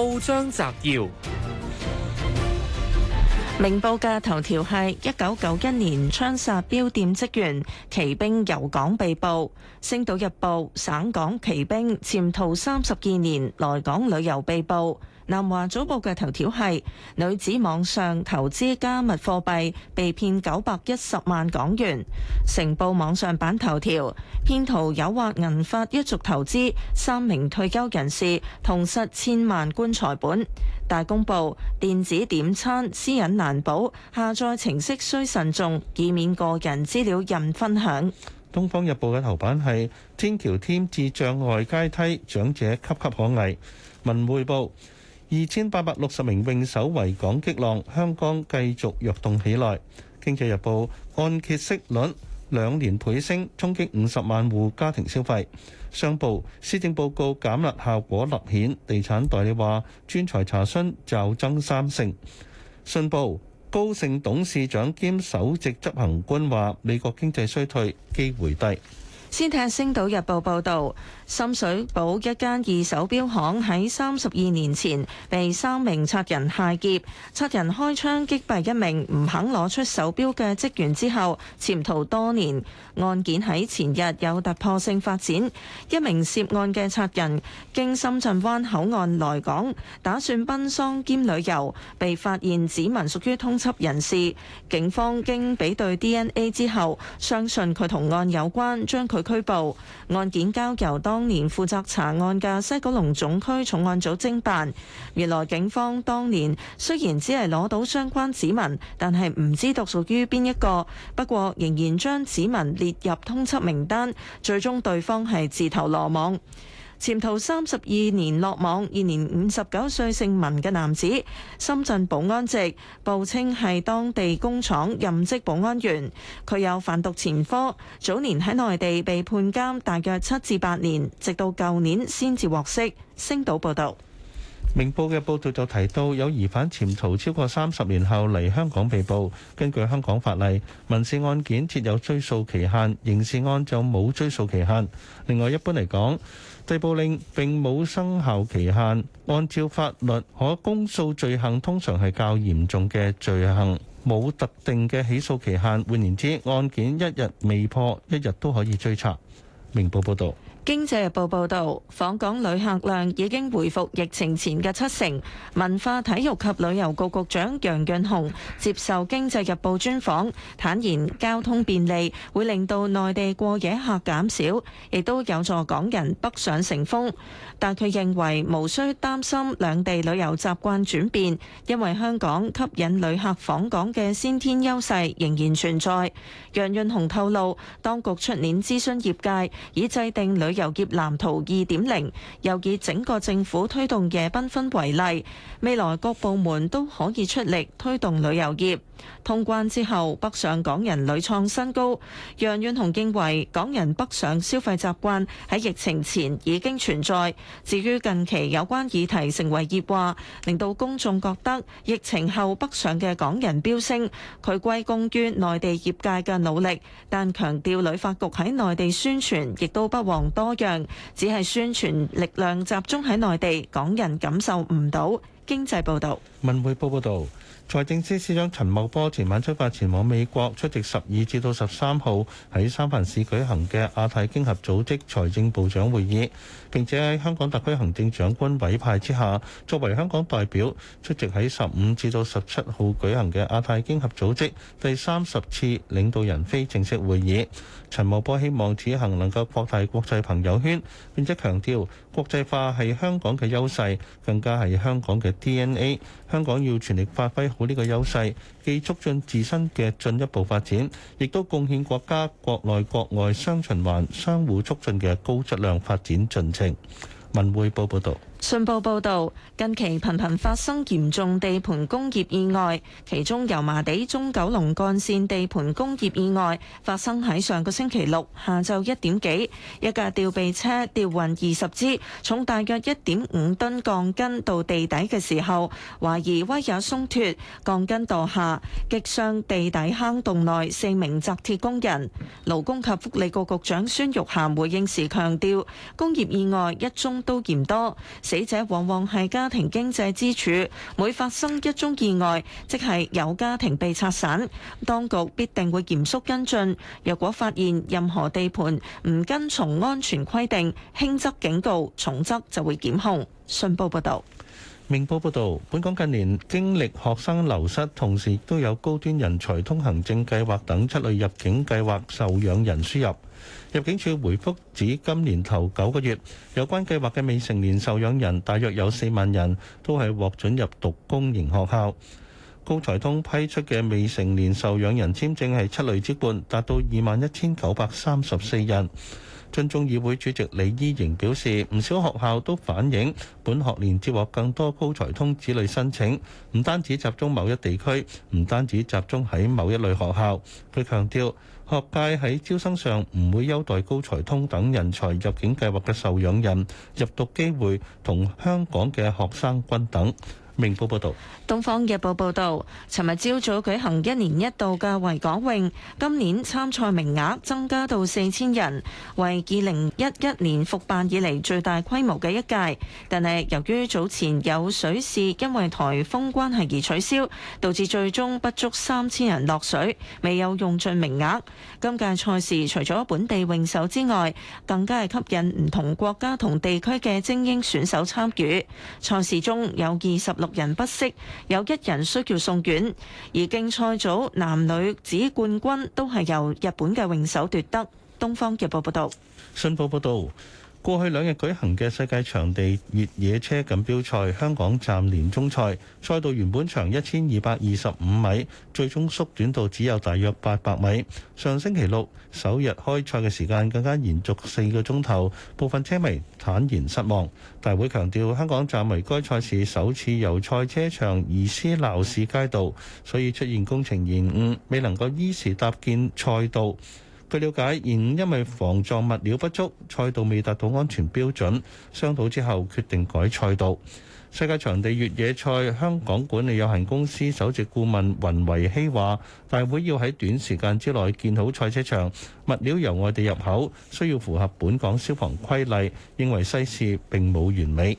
報章摘要：明報嘅頭條係一九九一年槍殺標店職員旗兵遊港被捕；星島日報省港旗兵潛逃三十二年來港旅遊被捕。南華早報嘅頭條係女子網上投資加密貨幣被騙九百一十萬港元，成報網上版頭條騙徒誘惑銀髮一族投資，三名退休人士同失千萬棺材本。大公報電子點餐私隱難保，下載程式需慎重，以免個人資料任分享。東方日報嘅頭版係天橋添至障礙階梯，長者岌岌可危。文匯報。二千八百六十名泳手維港激浪，香港繼續躍動起來。經濟日報按揭息率兩年倍升，衝擊五十萬戶家庭消費。商報施政報告減壓效果立顯，地產代理話專才查詢驟增三成。信報高盛董事長兼首席執行官話：美國經濟衰退機會低。先睇下《星島日報》報道，深水埗一間二手表行喺三十二年前被三名賊人械劫，賊人開槍擊斃一名唔肯攞出手表嘅職員之後，潛逃多年，案件喺前日有突破性發展，一名涉案嘅賊人經深圳灣口岸來港，打算奔喪兼旅遊，被發現指紋屬於通緝人士，警方經比對 DNA 之後，相信佢同案有關，將佢拘捕案件交由當年負責查案嘅西九龍總區重案組偵辦。原來警方當年雖然只係攞到相關指紋，但係唔知獨屬於邊一個，不過仍然將指紋列入通緝名單。最終對方係自投羅網。潛逃三十二年落網，現年五十九歲姓文嘅男子，深圳寶安籍，報稱係當地工廠任職保安員。佢有販毒前科，早年喺內地被判監大約七至八年，直到舊年先至獲釋。星島報道，明報嘅報導就提到，有疑犯潛逃超過三十年後嚟香港被捕。根據香港法例，民事案件設有追訴期限，刑事案就冇追訴期限。另外，一般嚟講，逮捕令並冇生效期限，按照法律可公訴罪行通常係較嚴重嘅罪行，冇特定嘅起訴期限。換言之，案件一日未破，一日都可以追查。明報報道。經濟日報報導，訪港旅客量已經回復疫情前嘅七成。文化體育及旅遊局局長楊潤雄接受經濟日報專訪，坦言交通便利會令到內地過夜客減少，亦都有助港人北上成風。但佢認為無需擔心兩地旅遊習慣轉變，因為香港吸引旅客訪港嘅先天優勢仍然存在。楊潤雄透露，當局出年諮詢業界，以制定旅旅遊業藍圖2.0，又以整個政府推動夜繽紛為例，未來各部門都可以出力推動旅遊業。通關之後，北上港人屢創新高。楊潤雄認為，港人北上消費習慣喺疫情前已經存在。至於近期有關議題成為熱話，令到公眾覺得疫情後北上嘅港人飆升，佢歸功於內地業界嘅努力，但強調旅發局喺內地宣傳亦都不遑多讓，只係宣傳力量集中喺內地，港人感受唔到。經濟報導，文匯報報導。財政司司長陳茂波前晚出發前往美國出席十二至到十三號喺三藩市舉行嘅亞太經合組織財政部長會議，並且喺香港特區行政長官委派之下，作為香港代表出席喺十五至到十七號舉行嘅亞太經合組織第三十次領導人非正式會議。陳茂波希望此行能夠擴大國際朋友圈，並且強調。國際化係香港嘅優勢，更加係香港嘅 DNA。香港要全力發揮好呢個優勢，既促進自身嘅進一步發展，亦都貢獻國家國內國外雙循環相互促進嘅高質量發展進程。文匯報報導。信報報導，近期頻頻發生嚴重地盤工業意外，其中油麻地中九龍幹線地盤工業意外發生喺上個星期六下晝一點幾，一架吊臂車吊運二十支重大約一點五噸鋼筋到地底嘅時候，懷疑威也鬆脱，鋼筋墮下，擊傷地底坑洞內四名紮鐵工人。勞工及福利局局長孫玉菡回應時強調，工業意外一宗都嫌多。死者往往係家庭經濟支柱，每發生一宗意外，即係有家庭被拆散，當局必定會嚴肅跟進，若果發現任何地盤唔跟從安全規定，輕則警告，重則就會檢控。信報報道。明報報道，本港近年經歷學生流失，同時都有高端人才通行證計劃等七類入境計劃受養人輸入。入境處回覆指，今年頭九個月有關計劃嘅未成年受養人大約有四萬人，都係獲准入讀公營學校。高才通批出嘅未成年受養人簽證係七類之冠，達到二萬一千九百三十四人。津中議會主席李依瑩表示，唔少學校都反映本學年接獲更多高才通子女申請，唔單止集中某一地區，唔單止集中喺某一類學校。佢強調，學界喺招生上唔會優待高才通等人才入境計劃嘅受養人，入讀機會同香港嘅學生均等。明報報道：《東方日報》報導，尋日朝早舉行一年一度嘅維港泳，今年參賽名額增加到四千人，為二零一一年復辦以嚟最大規模嘅一屆。但係由於早前有水事，因為颱風關係而取消，導致最終不足三千人落水，未有用盡名額。今屆賽事除咗本地泳手之外，更加係吸引唔同國家同地區嘅精英選手參與。賽事中有二十六人不適，有一人需要送院，而競賽組男女子冠軍都係由日本嘅泳手奪得。東方日報報道，信報報道。過去兩日舉行嘅世界場地越野車錦標賽香港站年終賽，賽道原本長一千二百二十五米，最終縮短到只有大約八百米。上星期六首日開賽嘅時間更加延續四個鐘頭，部分車迷坦然失望。大會強調，香港站為該賽事首次由賽車場移師鬧市街道，所以出現工程延誤，未能夠依時搭建賽道。據了解，現因為防撞物料不足，賽道未達到安全標準，商討之後決定改賽道。世界場地越野賽香港管理有限公司首席顧問雲維希話，大會要喺短時間之內建好賽車場，物料由外地入口，需要符合本港消防規例。認為世事並冇完美。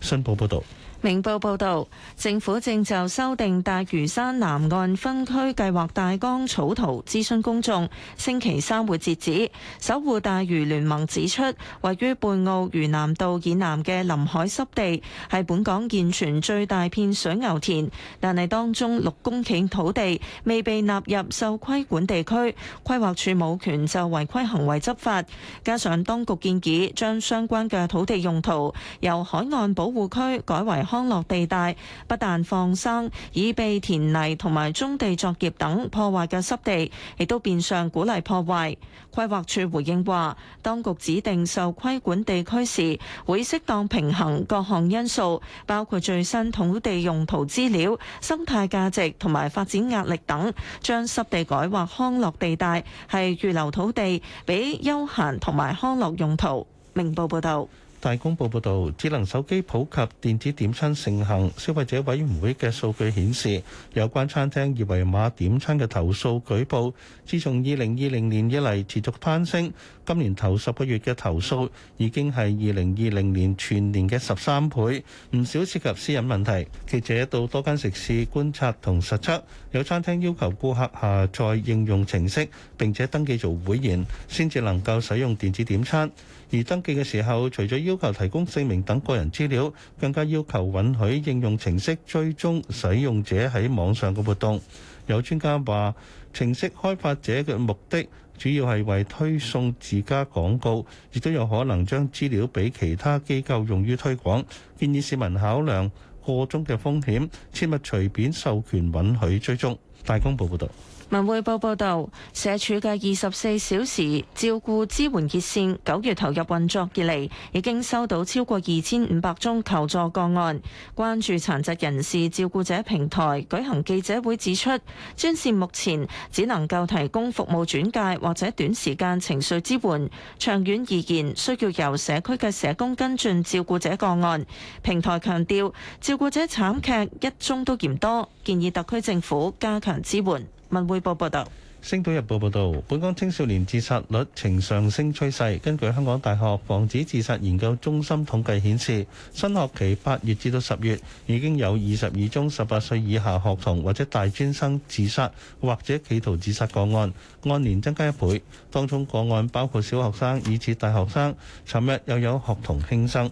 新報報導。明報報導，政府正就修訂大嶼山南岸分區計劃大綱草圖諮詢公眾，星期三會截止。守護大嶼聯盟指出，位於貝澳嶼南道以南嘅臨海濕地係本港現存最大片水牛田，但係當中六公頃土地未被納入受規管地區，規劃處冇權就違規行為執法。加上當局建議將相關嘅土地用途由海岸保護區改為康樂地帶不但放生已被填泥同埋棕地作業等破壞嘅濕地，亦都變相鼓勵破壞。規劃署回應話，當局指定受規管地區時，會適當平衡各項因素，包括最新土地用途資料、生態價值同埋發展壓力等。將濕地改劃康樂地帶係預留土地畀休閒同埋康樂用途。明報報道。大公報報導，智能手機普及、電子點餐盛行，消費者委員會嘅數據顯示，有關餐廳二維碼點餐嘅投訴舉報，自從二零二零年以嚟持續攀升。今年頭十個月嘅投訴已經係二零二零年全年嘅十三倍，唔少涉及私隱問題。記者到多間食肆觀察同實測，有餐廳要求顧客下載應用程式，並且登記做會員，先至能夠使用電子點餐。而登記嘅時候，除咗要求提供姓名等個人資料，更加要求允許應用程式追蹤使用者喺網上嘅活動。有專家話，程式開發者嘅目的主要係為推送自家廣告，亦都有可能將資料俾其他機構用於推廣。建議市民考量個中嘅風險，切勿隨便授權允許追蹤。大公報報道。文匯報報道，社署嘅二十四小時照顧支援熱線九月投入運作以來，以嚟已經收到超過二千五百宗求助個案。關注殘疾人士照顧者平台舉行記者會指出，專線目前只能夠提供服務轉介或者短時間情緒支援，長遠而言需要由社區嘅社工跟進照顧者個案。平台強調，照顧者慘劇一宗都嫌多，建議特區政府加強支援。文匯報報道，《星島日報》報道，本港青少年自殺率呈上升趨勢。根據香港大學防止自殺研究中心統計顯示，新學期八月至到十月已經有二十二宗十八歲以下學童或者大專生自殺或者企圖自殺個案，按年增加一倍。當中個案包括小學生以至大學生。尋日又有學童輕生。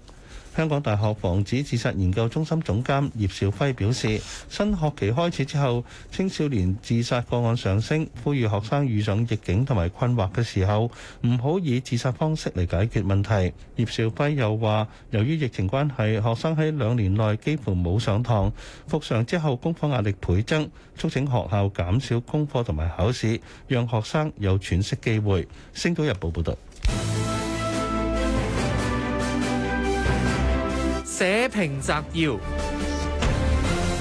香港大學防止自殺研究中心總監葉兆輝表示，新學期開始之後，青少年自殺個案上升，呼籲學生遇上逆境同埋困惑嘅時候，唔好以自殺方式嚟解決問題。葉兆輝又話，由於疫情關係，學生喺兩年內幾乎冇上堂，復常之後功課壓力倍增，促請學校減少功課同埋考試，讓學生有喘息機會。星島日報報道。寫評摘要。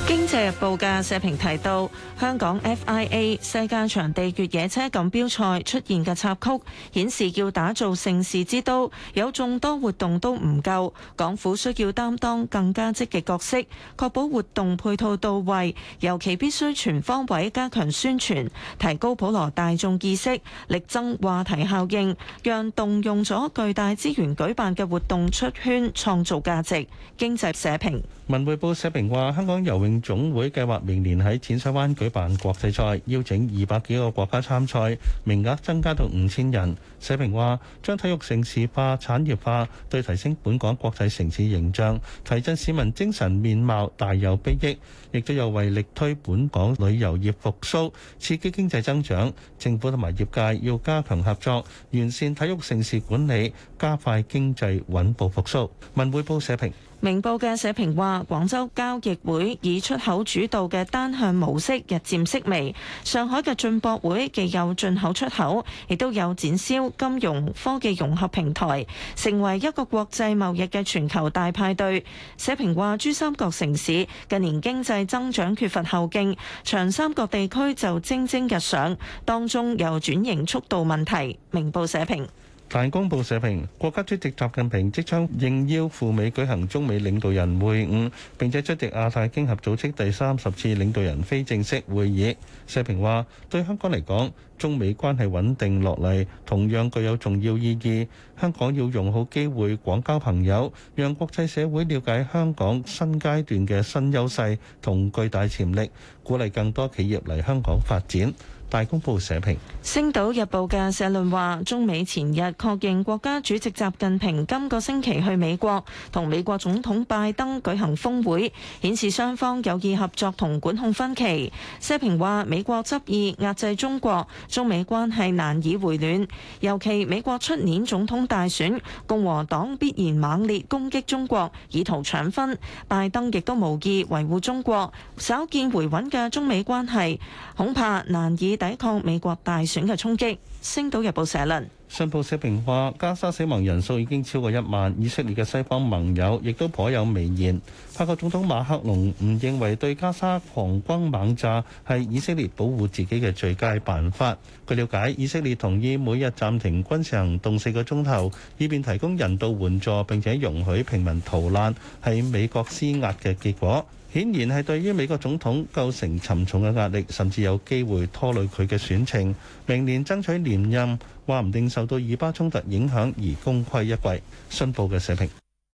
《經濟日報》嘅社評提到，香港 FIA 世界場地越野車錦標賽出現嘅插曲，顯示要打造盛事之都，有眾多活動都唔夠，港府需要擔當更加積極角色，確保活動配套到位，尤其必須全方位加強宣傳，提高普羅大眾意識，力爭話題效應，讓動用咗巨大資源舉辦嘅活動出圈，創造價值。經濟社評，《文匯報》社評話，香港游泳。總會計劃明年喺淺水灣舉辦國際賽，邀請二百幾個國家參賽，名額增加到五千人。社評話：將體育城市化、產業化，對提升本港國際城市形象、提振市民精神面貌大有裨益，亦都有為力推本港旅遊業復甦、刺激經濟增長。政府同埋業界要加強合作，完善體育城市管理，加快經濟穩步復甦。文匯報社評。明報嘅社評話，廣州交易會以出口主導嘅單向模式日漸式微；上海嘅進博會既有進口出口，亦都有展銷金融科技融合平台，成為一個國際貿易嘅全球大派對。社評話，珠三角城市近年經濟增長缺乏後勁，長三角地區就蒸蒸日上，當中有轉型速度問題。明報社評。《大公報》社評：國家主席習近平即將應邀赴美舉行中美領導人會晤，並且出席亞太經合組織第三十次領導人非正式會議。社評話：對香港嚟講，中美關係穩定落嚟，同樣具有重要意義，香港要用好機會廣交朋友，讓國際社會了解香港新階段嘅新優勢同巨大潛力，鼓勵更多企業嚟香港發展。大公報社評。星島日報嘅社論話：中美前日確認國家主席習近平今個星期去美國，同美國總統拜登舉行峰會，顯示雙方有意合作同管控分歧。社評話，美國執意壓制中國，中美關係難以回暖。尤其美國出年總統大選，共和黨必然猛烈攻擊中國，以圖搶分。拜登亦都無意維護中國，稍見回穩嘅中美關係，恐怕難以。抵抗美國大選嘅衝擊，《星島日報》社論，信報社評話：加沙死亡人數已經超過一萬，以色列嘅西方盟友亦都頗有微言。法國總統馬克龍唔認為對加沙狂轟猛炸係以色列保護自己嘅最佳辦法。據了解，以色列同意每日暫停軍事行動四個鐘頭，以便提供人道援助並且容許平民逃難，係美國施壓嘅結果。顯然係對於美國總統構成沉重嘅壓力，甚至有機會拖累佢嘅選情，明年爭取連任，話唔定受到以巴衝突影響而功虧一簣。新報嘅社評。